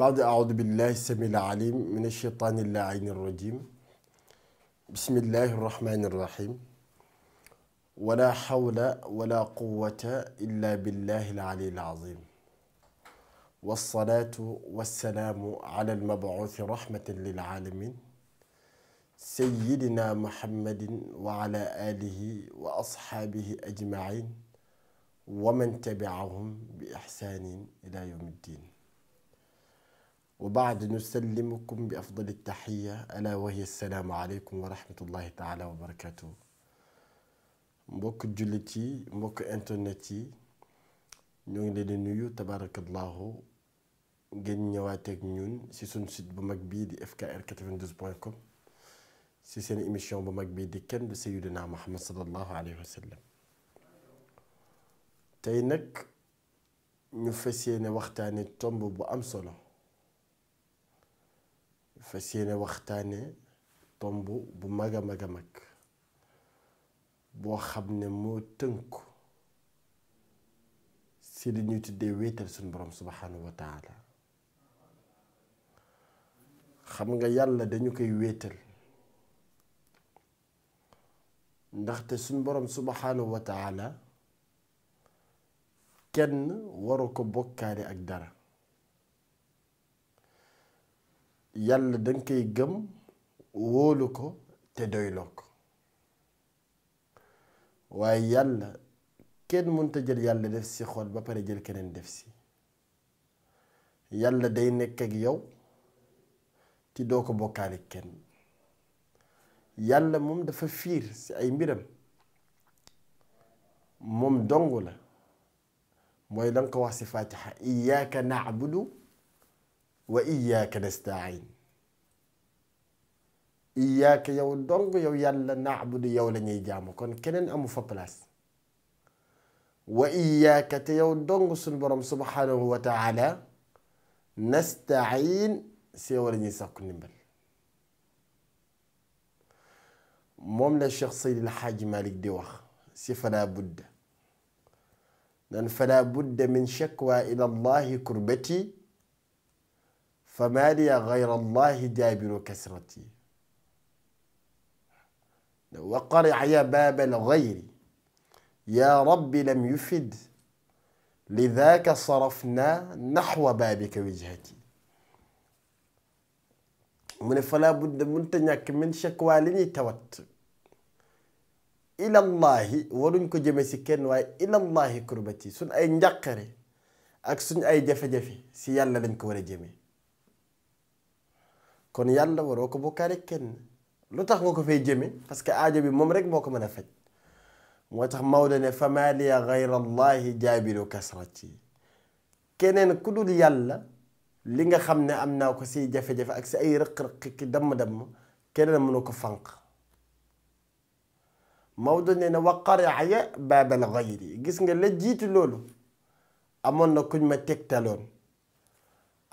بعد أعوذ بالله السميع العليم من الشيطان اللعين الرجيم بسم الله الرحمن الرحيم ولا حول ولا قوة إلا بالله العلي العظيم والصلاة والسلام على المبعوث رحمة للعالمين سيدنا محمد وعلى آله وأصحابه أجمعين ومن تبعهم بإحسان إلى يوم الدين wa baad nusallimukum bi afdal taxiya ala wa hiya assalaamu aleykum wa rahmatullahi taala wa barakatuhu mbokk jullit yi mbokk internet yi ñoo ngi leen di nuyu tabarakallahu ngeen ñëwaateeg ñun ci suñ site bu mag bii di fkr 92 point com ci seen émission bu mag bii di kenn du sayyidina Muhammad sallallahu alayhi wa sallam tey nag ñu fas yéene waxtaani tomb bu am solo fas yéene waxtaane tomb bu mag a mag a mag boo xam ne moo tënku si li ñuy tuddee wéetal suñu borom subaxaanu wa xam nga yàlla dañu koy wéetal ndaxte suñ borom subaxaanu wa taala kenn waru ko bokkaale ak dara yàlla danga koy gëm wóolu ko te doyloo ko waaye yàlla kenn mënta jël yàlla def si xool ba pare jël keneen def si yàlla day nekk ak yow ti doo ko bokkaale kenn yàlla moom dafa fiir si ay mbiram moom dong la mooy la ko wax si fatiha iyaaka naabudu wa iyaaka nastain iyaaka yow dong yow yàlla naabudu yow la ñuy jaamu kon keneen amu fa place wa iyaaka te yow dong suñ borom subhanahu wa taala nastain si yow la ñuy sàkku ndimbal moom la Cheikh Seydi El Hadji Malick di wax si fala budda nan fala budda min shakwa ila allahi kurbati fa ma liya gayra allahi jaabiru kasrati wa qaria ya baabal gayri yaa rabbi lam yufid lidaaka sarafna naxwa baabika wijhati mu ne falaa budda munta ñàkk min shakwa li ñuy tawat ilallahi waruñ ko jëme si kenn waaye ilallahi kurbati suñ ay njàqare ak suñ ay jafe-jafe si yàlla lañ ko war a jëme kon yàlla waroo ko bokkaale kenn lu tax nga ko fay jëme parce que aajo bi moom rek moo ko mën a faj moo tax Maodo ne fama liya gayra allahi jaabiru kasrati keneen ku dul yàlla li nga xam ne am naa ko si jafe-jafe ak si ay rëq-rëq ki damm-damm keneen mënu ko fànq Maodo ne na wa qaraa baabal gayri gis nga la jiitu loolu amoon na kuñ ma tegtaloon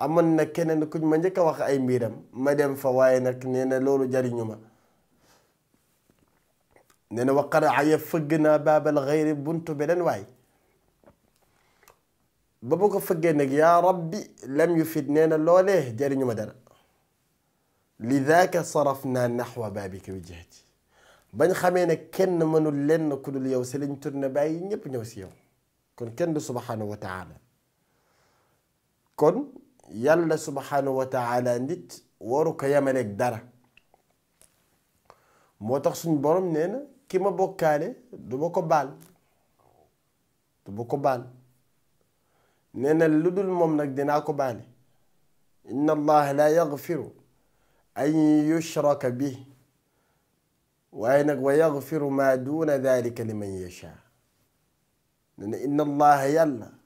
amoon na keneen kuñ ma njëkk a wax ay mbiram ma dem fa waaye nag nee na loolu jariñu ma nee na waqar aya fëgg na baabal xayri buntu beneen waay ba ma ko fëggee nag yaa rabbi lam yu fit nee na loolee jariñu ma dara lidaaka saraf naa naxwa baabika wijhati bañ xamee ne kenn mënul lenn ku dul yow si lañ tourné bàyyi ñépp ñëw si kon kenn du subhanahu wa kon yàlla subhanahu wa taala nit waru ko yemaleeg dara moo tax suñ borom nee na ki ma bokkaale du ma ko baal du ma ko baal nee na lu dul moom nag dinaa ko baale inna allaha la yagfiru an yushraka bi waaye nag wa yagfiru ma duna dalika liman yasha nee na inna allaha yàlla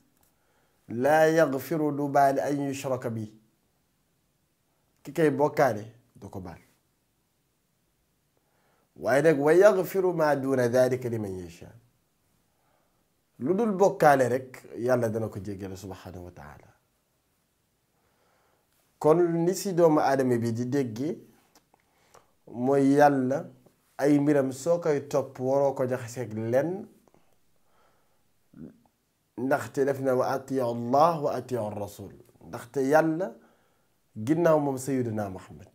laa yagfiru du baale ay yushraka bi ki kay bokkaale du ko baal waaye nag wa yagfiru maa duuna dalika liman yasha lu dul bokkaale rek yàlla dana ko jéggale subhanahu wa kon ni si doomu adama bi di déggee mooy yàlla ay mbiram soo koy topp waroo ko jaxaseeg len ndaxte def na wa atiu allah wa atiu rasul ndaxte yàlla ginnaaw moom sayiduna muhammad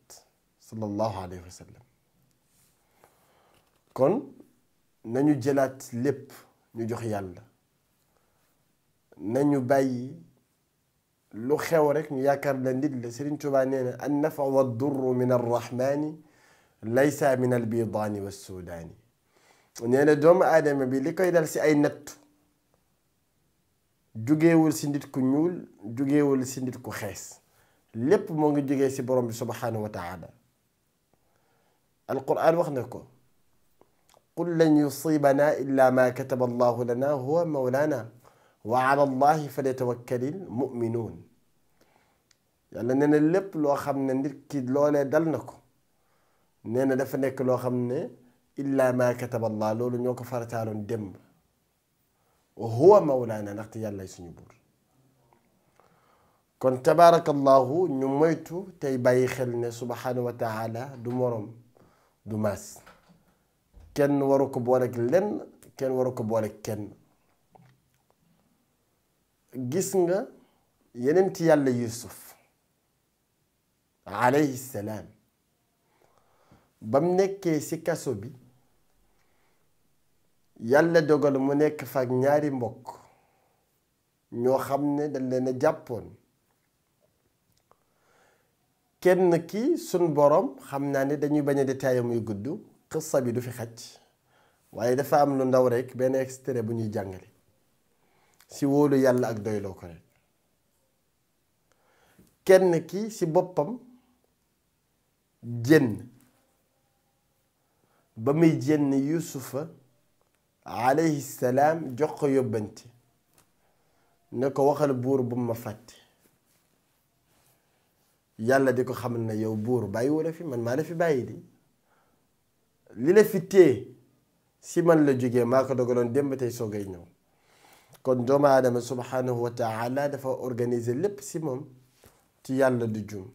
sallallahu alayhi wa sallam kon nañu jëlaat lépp ñu jox yàlla nañu bàyyi lu xew rek ñu yaakaar la nit la Sëriñ Tuubaa nee na an nafa wa durru min arrahmani laysa min albidaani wassudaani nee na doomu aadama bi li koy dal ay nattu jugeewul si nit ku ñuul jugeewul si nit ku xees lépp moo ngi jugee si borom bi subhanahu wa taala alquran wax na ko qul lan yusibana illa ma kataba allahu lana huwa mawlana wa ala allahi falyatawakkalil muminuun yàlla nee na lépp loo xam ne nit ki loolee dal na ko nee na dafa nekk loo xam ne illa ma kataba allah loolu ñoo ko farataaloon demb wa huwa mawlaana ndaxte yàlla suñu buur kon tabaarakallahu ñu moytu tey bàyyi xel ne subhaanahu wa taala du moroom du maas kenn waru ko booleeg lenn kenn waru ko booleeg kenn gis nga yeneen ci yàlla yusuf alayhi salaam bam nekkee ci kaso bi yàlla dogal mu nekk fa ak ñaari mbokk ñoo xam ne dañ leen jàppoon kenn ki sun borom xam naa ne dañuy bañ a détaillé muy gudd xissa bi du fi xaj waaye dafa am lu ndaw rekk benn extrait bu ñuy jàngale si wóolu yàlla ak doyloo ko rek kenn ki si boppam jën ba muy jën Yuusufa alayhi salaam jox ko yóbbante ne ko waxal buur bu ma fàtte yàlla di ko xamal ne yow buur bàyyiwu la fi man maa la fi bàyyi di li la fi si man la jugee maa ko dogaloon démb tey soogay ñëw kon doomu aadama subhanahu wa taala dafa organiser lépp si moom ti yàlla du jum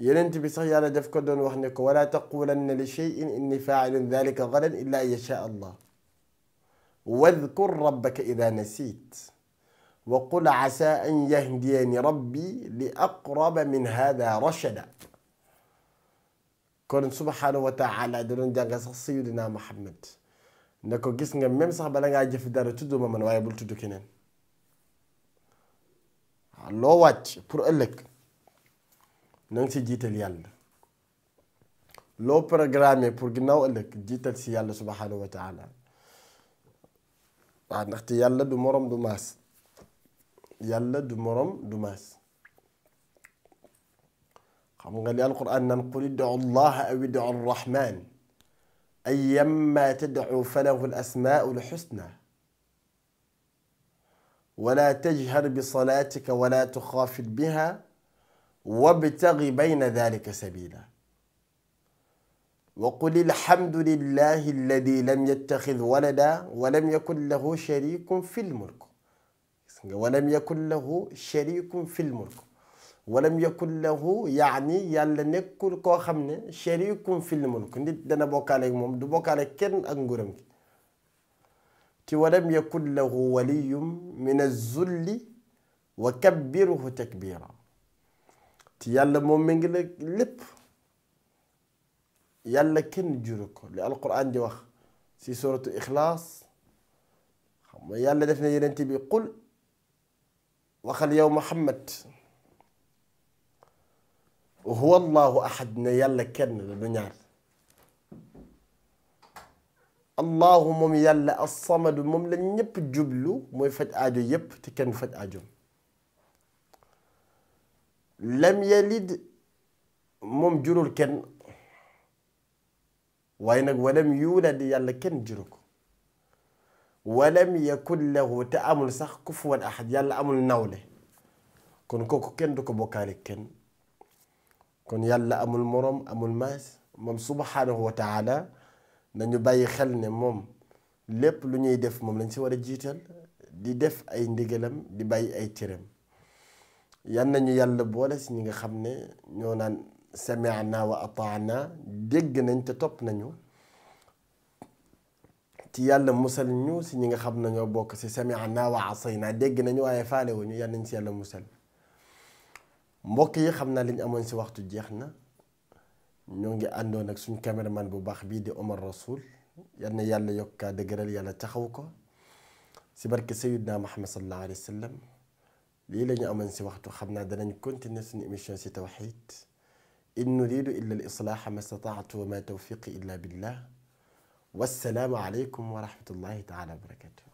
yenent bi sax yàlla daf ko doon wax ne ko wala taqulanna li cheyin inni failun dalika gadan illa an yasha allah واذكر ربك إذا نسيت وقل عسى أن يهديني ربي لأقرب من هذا رشدا kon subhaana wa taala da doon jàngal sax sayidina Muhammad ne ko gis nga même sax bala ngaa jëf dara tudd ma man waaye bul tudd keneen loo wàcc pour ëllëg na nga si jiital yàlla loo programme pour ginnaaw ëllëg jiital si yàlla subhaana taala waaw ndaxte yàlla du moroom du maas yàlla du moroom du maas xam nga li alquran naan qul idcu llaha aw idcu arrahman ayyama tadcu falahu alasmaau alxusna wala tajhar bisalatika wala tuxaafid biha wabtagi bayna dalika sabila wa qul alhamdu lillahi alladi lam yattaxid walada walam yakun lahu sharikum fi lmulk gis nga walam yakun lahu sharikum fi lmulk walam yakun lahu yaani yàlla nekkul koo xam ne sharikum fi lmulk nit dana bokkaale ak moom du bokkaale kenn ak nguuram gi ci walam yakun lahu waliyum min azulli wa kabbiruhu takbira ci yàlla moom mi ngi la lépp yàlla kenn juru ko li alquran di wax si suratu ixlaas xam nga yàlla def na yenent bi qul waxal yow muhammad huwa allahu ahad ne yàlla kenn la du ñaar allahu moom yàlla assamadu moom la ñépp jublu mooy faj aajo yépp te kenn faj aajoom lam yalid moom jurul kenn waaye nag walam yuulad yàlla kenn juru ko walam yakun lahu te amul sax kufuwan ahad yàlla amul nawle kon kooku kenn du ko bokkaale kenn kon yàlla amul moroom amul maas moom subhanahu wa taala nañu bàyyi xel ne moom lépp lu ñuy def moom lañ si war a jiital di def ay ndigalam di bàyyi ay cëram yan nañu yàlla boole si ñi nga xam ne ñoo naan sami'na wa ataana dégg nañ te topp nañu ci yàlla musal ñu si ñi nga xam nañoo bokk si sami'na wa asayna dégg nañu waaye faale wuñu yàlla nañ si yàlla musal mbokk yi xam na li ñu amoon si waxtu jeex na ñoo ngi àndoon ak suñ caméraman bu baax bii di Omar Rasoul yal na yàlla yokkaa dëgëral yàlla taxaw ko si barke Sayyidna Muhammad sallallahu alayhi wa sallam lii lañu ñu si waxtu xam naa danañ continuer suñu émission si tawxiid in nuridu illa al islaaha ma stataatu wa ma tawfiqi illa billah wassalaamu aleykum wa rahmatullahi taala wa barakatuh